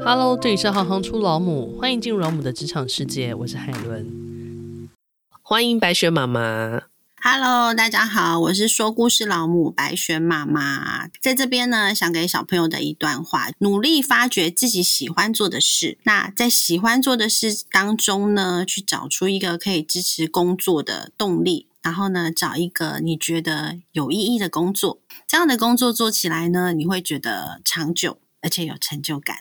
哈嘍，這裡是行行出老母，歡迎進入老母的職場世界，我是海倫。歡迎白雪麻麻。哈嘍，大家好，我是說故事老母白雪麻麻，在這邊呢，想給小朋友的一段話：努力發掘自己喜歡做的事，那在喜歡做的事當中呢，去找出一個可以支持工作的動力，然後呢，找一個你覺得有意義的工作，這樣的工作做起來呢，你會覺得長久而且有成就感。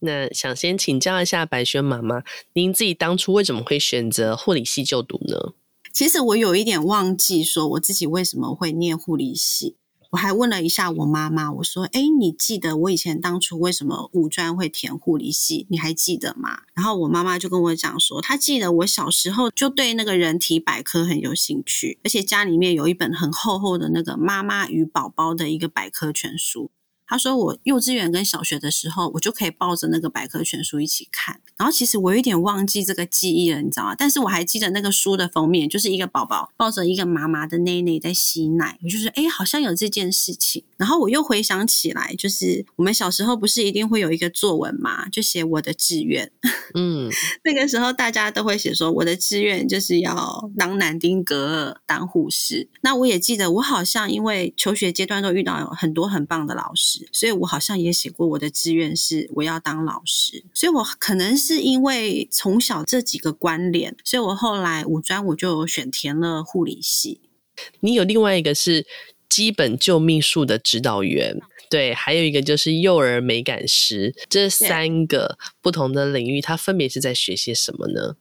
那想先請教一下白雪麻麻，您自己當初為什麼會選擇護理系就讀呢？其實我有一點忘記說我自己為什麼會念護理系，我還問了一下我媽媽，我說：“哎，你記得我以前當初為什麼五專會填護理系？你還記得嗎？”然後我媽媽就跟我講說，她記得我小時候就對那個人體百科很有興趣，而且家裡面有一本很厚厚的那個《媽媽與寶寶》的一個百科全書。他說我幼稚園跟小學的時候，我就可以抱着那個百科全書一起看。然後其實我有點忘記這個記憶了，你知道嗎？但是我還記得那個書的封面，就是一個寶寶抱着一個媽媽的內內在吸奶。我就說，哎、欸，好像有這件事情。然後我又回想起來，就是我們小時候不是一定會有一個作文嗎，就寫我的志願。 嗯，那個時候大家都會寫說我的志願就是要當南丁格爾，當護士。那我也記得，我好像因為求學階段都遇到很多很棒的老師。所以我好像也寫過我的志願是我要當老師，所以我可能是因為從小這幾個關聯，所以我後來五專我就選填了護理系。你有另外一個是基本救命術的指導員，對，還有一個就是幼兒美感師，這三個不同的領域，它分別是在學些什麼呢？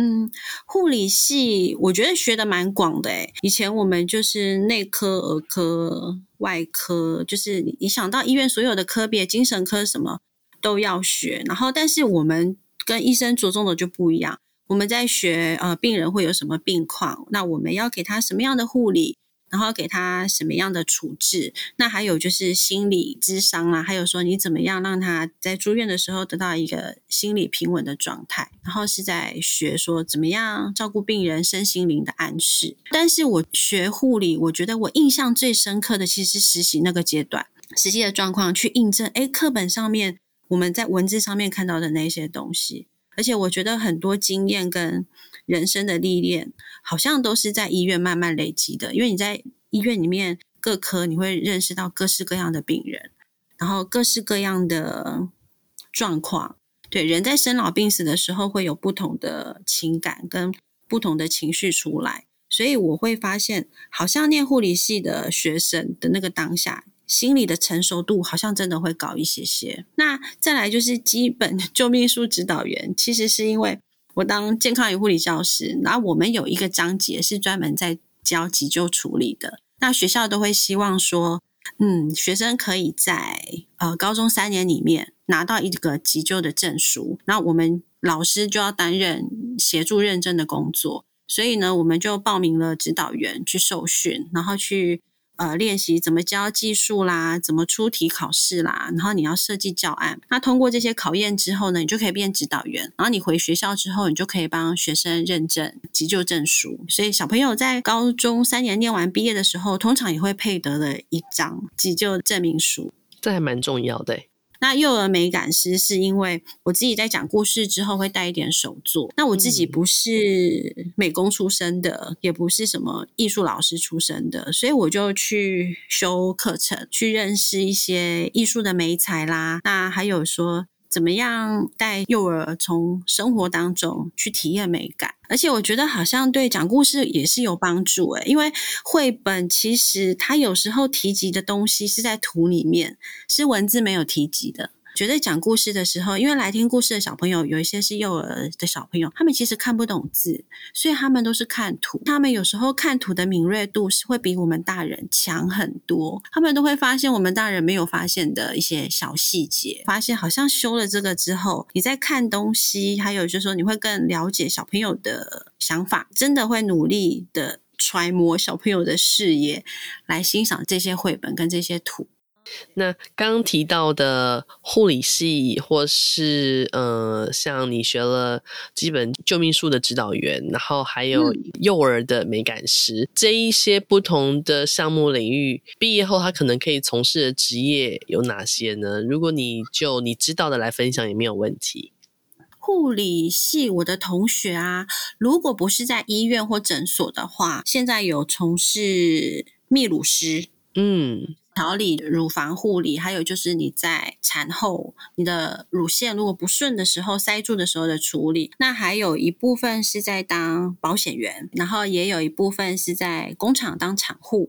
嗯，護理系我覺得學得蠻廣的誒，以前我們就是內科、兒科、外科，就是你想到醫院所有的科別，精神科什麼都要學。然後，但是我們跟醫生着重的就不一樣，我們在學呃病人會有什麼病況，那我們要給他什麼樣的護理。然後給他什麼樣的處置？那還有就是心理諮商啦，啊，還有說你怎麼樣讓他在住院的時候得到一個心理平穩的狀態。然後是在學說怎麼樣照顧病人身心靈的暗示。但是我學護理，我覺得我印象最深刻的其實是實習那個階段，實際的狀況去印證，誒，課本上面我們在文字上面看到的那些東西。而且我覺得很多經驗跟人生的歷練，好像都是在醫院慢慢累積的。因為你在醫院裡面各科，你會認識到各式各樣的病人，然後各式各樣的狀況。對，人在生老病死的時候，會有不同的情感跟不同的情緒出來。所以我會發現，好像念護理系的學生的那個當下。心理的成熟度好像真的會高一些些。那再來就是基本救命術指導員，其實是因為我當健康與護理教師，然後我們有一個章節是專門在教急救處理的。那學校都會希望說，嗯，學生可以在呃高中三年裡面拿到一個急救的證書。那我們老師就要擔任協助認證的工作，所以呢，我們就報名了指導員去受訓，然後去。呃，練習怎麼教技術啦，怎麼出題考試啦，然後你要設計教案。那通過這些考驗之後呢，你就可以變指導員。然後你回學校之後，你就可以幫學生認證急救證書。所以小朋友在高中三年念完畢業的時候，通常也會配得了一張急救證明書。這還蠻重要的。那幼兒美感師，是因為我自己在講故事之後會帶一點手作，那我自己不是美工出身的，也不是什麼藝術老師出身的，所以我就去修課程，去認識一些藝術的媒材啦。那還有說。怎麼樣帶幼兒從生活當中去體驗美感？而且我覺得好像對講故事也是有幫助誒、欸，因為繪本其實它有時候提及的東西是在圖裡面，是文字沒有提及的。覺得講故事的時候，因為來聽故事的小朋友有一些是幼兒的小朋友，他們其實看不懂字，所以他們都是看圖。他們有時候看圖的敏銳度是會比我們大人強很多。他們都會發現我們大人沒有發現的一些小細節，發現好像修了這個之後，你再看東西，還有就是說你會更了解小朋友的想法，真的會努力的揣摩小朋友的視野，來欣賞這些繪本跟這些圖。那剛剛提到的護理系，或是呃，像你學了基本救命術的指導員，然後還有幼兒的美感師、嗯，這一些不同的項目領域，畢業後他可能可以從事的職業有哪些呢？如果你就你知道的來分享，也沒有問題。護理系我的同學啊，如果不是在醫院或診所的話，現在有從事泌乳師，嗯。調理乳房護理，還有就是你在產後，你的乳腺如果不順的時候，塞住的時候的處理。那還有一部分是在當保險員，然後也有一部分是在工廠當廠護，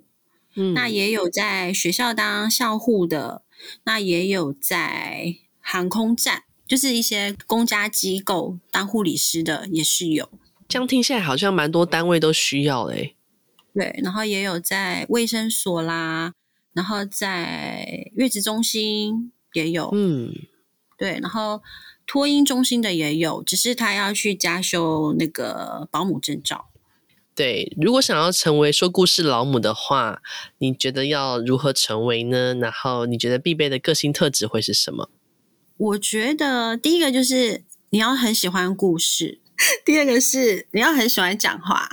嗯，那也有在學校當校護的，那也有在航空站，就是一些公家機構當護理師的也是有。這樣聽起來好像蠻多單位都需要哎欸。對，然後也有在衛生所啦。然後在月子中心也有，嗯，對，然後托嬰中心的也有，只是他要去加修那個保姆證照。對，如果想要成為說故事老母的話，你覺得要如何成為呢？然後你覺得必備的個性特質會是什麼？我覺得第一個就是你要很喜歡故事，第二個是你要很喜歡講話，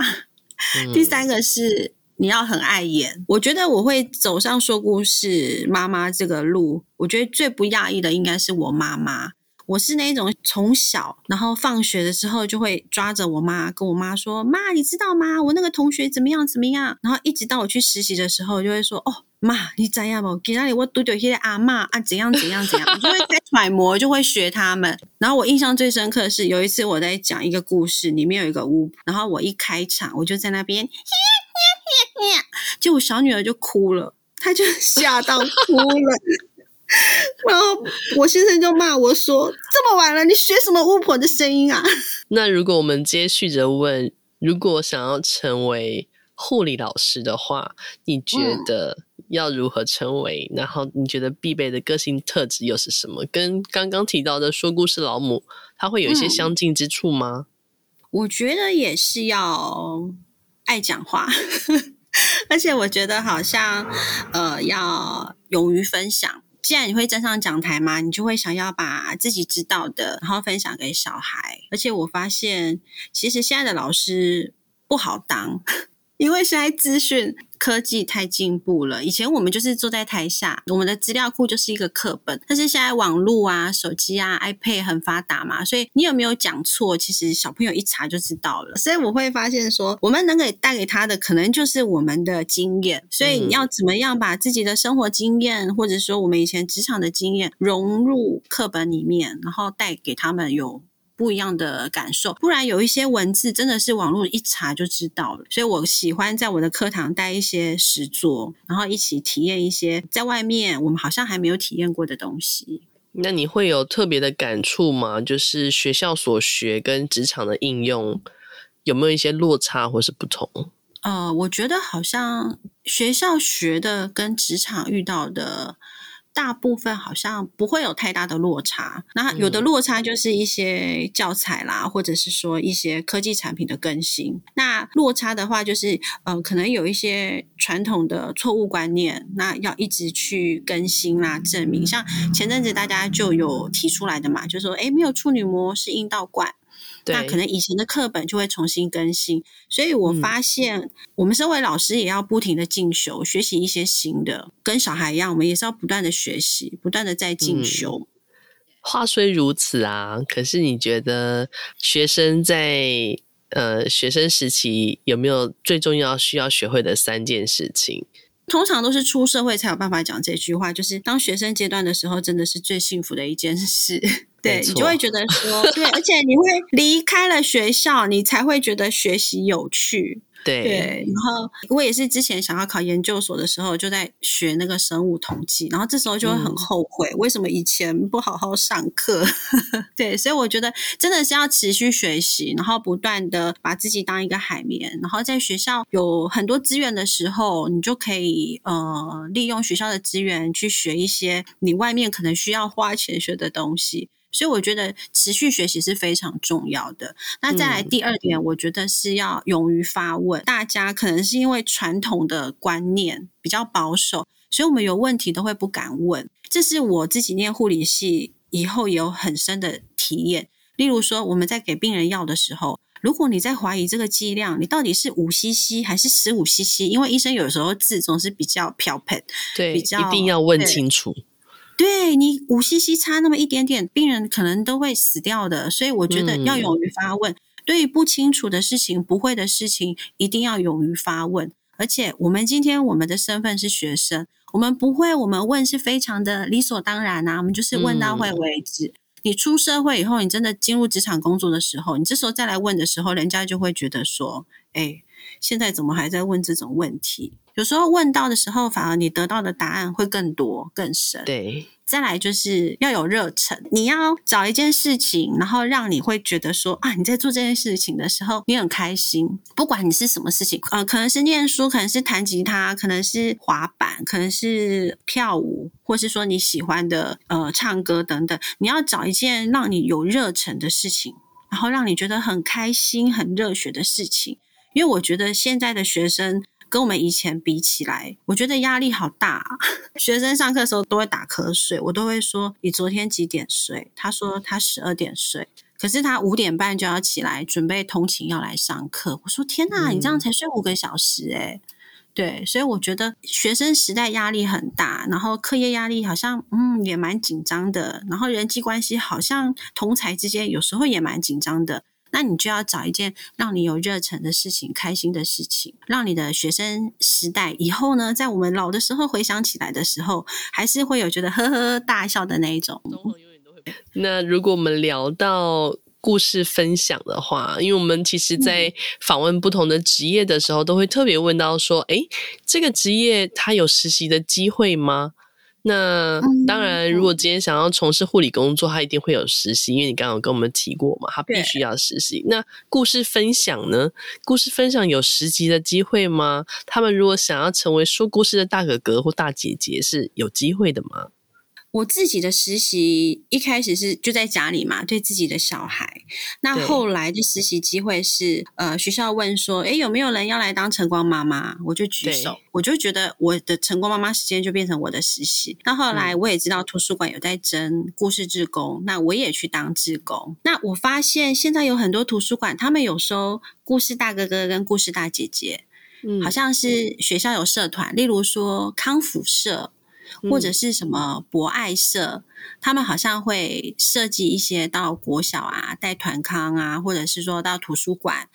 嗯，第三個是。你要很愛演，我覺得我會走上說故事媽媽這個路。我覺得最不訝異的應該是我媽媽。我是那種從小，然後放學的時候就會抓着我媽，跟我媽說：“媽，你知道嗎？我那個同學怎麼樣怎麼樣。”然後一直到我去實習的時候，就會說：“哦，媽，你怎樣我給那裡？我讀讀。’一些阿媽啊，怎樣怎樣怎樣。 ”就會在揣摩，就會學他們。然後我印象最深刻的是，有一次我在講一個故事，裡面有一個巫婆，然後我一開場，我就在那邊。就我小女兒就哭了，她就嚇到哭了。 然後我先生就罵我說：“這麼晚了，你學什麼巫婆的聲音啊？”那如果我們接續着問，如果想要成為護理老師的話，你覺得要如何成為？嗯、然後你覺得必備的個性特質又是什麼？跟剛剛提到的說故事老母，她會有一些相近之處嗎、嗯？我覺得也是要愛講話。 而且我覺得好像，呃，要勇於分享。既然你會站上講台嘛，你就會想要把自己知道的，然後分享給小孩。而且我發現，其實現在的老師不好當。因為現在資訊科技太進步了，以前我們就是坐在台下，我們的資料庫就是一個課本。但是現在網絡啊、手機啊、iPad 很發達嘛，所以你有沒有講錯？其實小朋友一查就知道了。所以我會發現說，我們能給帶給他的，可能就是我們的經驗。所以你要怎麼樣把自己的生活經驗，或者說我們以前職場的經驗，融入課本裡面，然後帶給他們有不一樣的感受，不然有一些文字真的是網絡一查就知道了。所以我喜歡在我的課堂帶一些實作，然後一起體驗一些在外面我們好像還沒有體驗過的東西。那你會有特別的感觸嗎？就是學校所學跟職場的應用有沒有一些落差或是不同？呃，我覺得好像學校學的跟職場遇到的。大部分好像不會有太大的落差，那有的落差就是一些教材啦，嗯、或者是說一些科技產品的更新。那落差的話，就是呃，可能有一些傳統的錯誤觀念，那要一直去更新啦，正名。像前陣子大家就有提出來的嘛，就是、說誒沒有處女膜是陰道冠。那可能以前的課本就會重新更新，所以我發現，我們身為老師也要不停的進修，嗯、學習一些新的。跟小孩一樣，我們也是要不斷的學習，不斷的在進修、嗯。話雖如此啊，可是你覺得學生在呃學生時期有沒有最重要需要學會的三件事情？通常都是出社會才有辦法講這句話，就是當學生階段的時候，真的是最幸福的一件事。對，你就會覺得說，對，而且你會離開了學校， 你才會覺得學習有趣。對，對，然後我也是之前想要考研究所的時候，就在學那個生物統計，然後這時候就會很後悔，嗯，為什麼以前不好好上課？ 對，所以我覺得真的是要持續學習，然後不斷的把自己當一個海綿，然後在學校有很多資源的時候，你就可以呃利用學校的資源去學一些你外面可能需要花錢學的東西。所以我覺得持續學習是非常重要的。那再來第二點，我覺得是要勇於發問。嗯，大家可能是因為傳統的觀念比較保守，所以我們有問題都會不敢問。這是我自己念護理系以後也有很深的體驗。例如說，我們在給病人藥的時候，如果你在懷疑這個劑量，你到底是五 cc 還是十五 cc？因為醫生有時候字總是比較飄撇，對，比較一定要問清楚。對，你五 CC 差那麼一點點，病人可能都會死掉的。所以我覺得要勇於發問。嗯，對於不清楚的事情，不會的事情，一定要勇於發問。而且我們今天我們的身份是學生，我們不會，我們問是非常的理所當然啊。我們就是問到會為止。嗯。你出社會以後，你真的進入職場工作的時候，你這時候再來問的時候，人家就會覺得說：“哎，現在怎麼還在問這種問題？”有時候問到的時候，反而你得到的答案會更多更深。對，再來就是要有熱忱，你要找一件事情，然後讓你會覺得說啊，你在做這件事情的時候，你很開心。不管你是什麼事情，呃，可能是念書，可能是彈吉他，可能是滑板，可能是跳舞，或是說你喜歡的呃唱歌等等。你要找一件讓你有熱忱的事情，然後讓你覺得很開心、很熱血的事情。因為我覺得現在的學生跟我們以前比起來，我覺得壓力好大，啊。學生上課的時候都會打瞌睡，我都會說：“你昨天幾點睡？”他說：“他十二點睡。”可是他五點半就要起來準備通勤，要來上課。我說天：“天吶，你這樣才睡五個小時誒，欸。嗯。對，所以我覺得學生時代壓力很大，然後課業壓力好像嗯也蠻緊張的，然後人際關係好像同儕之間有時候也蠻緊張的。那你就要找一件讓你有熱忱的事情，開心的事情，讓你的學生時代以後呢，在我們老的時候回想起來的時候，還是會有覺得呵呵大笑的那一種。那如果我們聊到故事分享的話，因為我們其實，在訪問不同的職業的時候，都會特別問到說：“哎、嗯，這個職業它有實習的機會嗎？”那當然，如果今天想要從事護理工作，他一定會有實習，因為你剛剛有跟我們提過嘛，他必須要實習。那故事分享呢？故事分享有實習的機會嗎？他們如果想要成為說故事的大哥哥或大姐姐，是有機會的嗎？我自己的實習一開始是就在家裡嘛，對自己的小孩。那後來的實習機會是，呃，學校問說，誒，有沒有人要來當晨光媽媽？我就舉手，我就覺得我的晨光媽媽時間就變成我的實習。那後來我也知道圖書館有在徵故事志工、嗯，那我也去當志工。那我發現現在有很多圖書館，他們有收故事大哥哥跟故事大姐姐。嗯，好像是學校有社團，嗯、例如說康輔社。或者是什麼博愛社，嗯，他們好像會設計一些到國小啊，帶團康啊，或者是說到圖書館，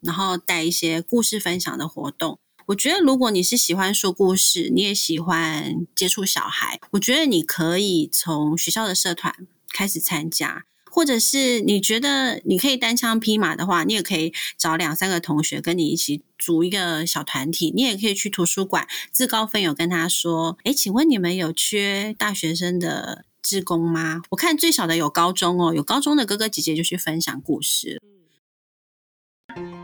然後帶一些故事分享的活動。我覺得，如果你是喜歡說故事，你也喜歡接觸小孩，我覺得你可以從學校的社團開始參加。或者是你覺得你可以單槍匹馬的話，你也可以找兩三個同學跟你一起組一個小團體。你也可以去圖書館，自告奮勇跟他說：“哎，請問你們有缺大學生的志工嗎？”我看最少的有高中哦，有高中的哥哥姐姐就去分享故事。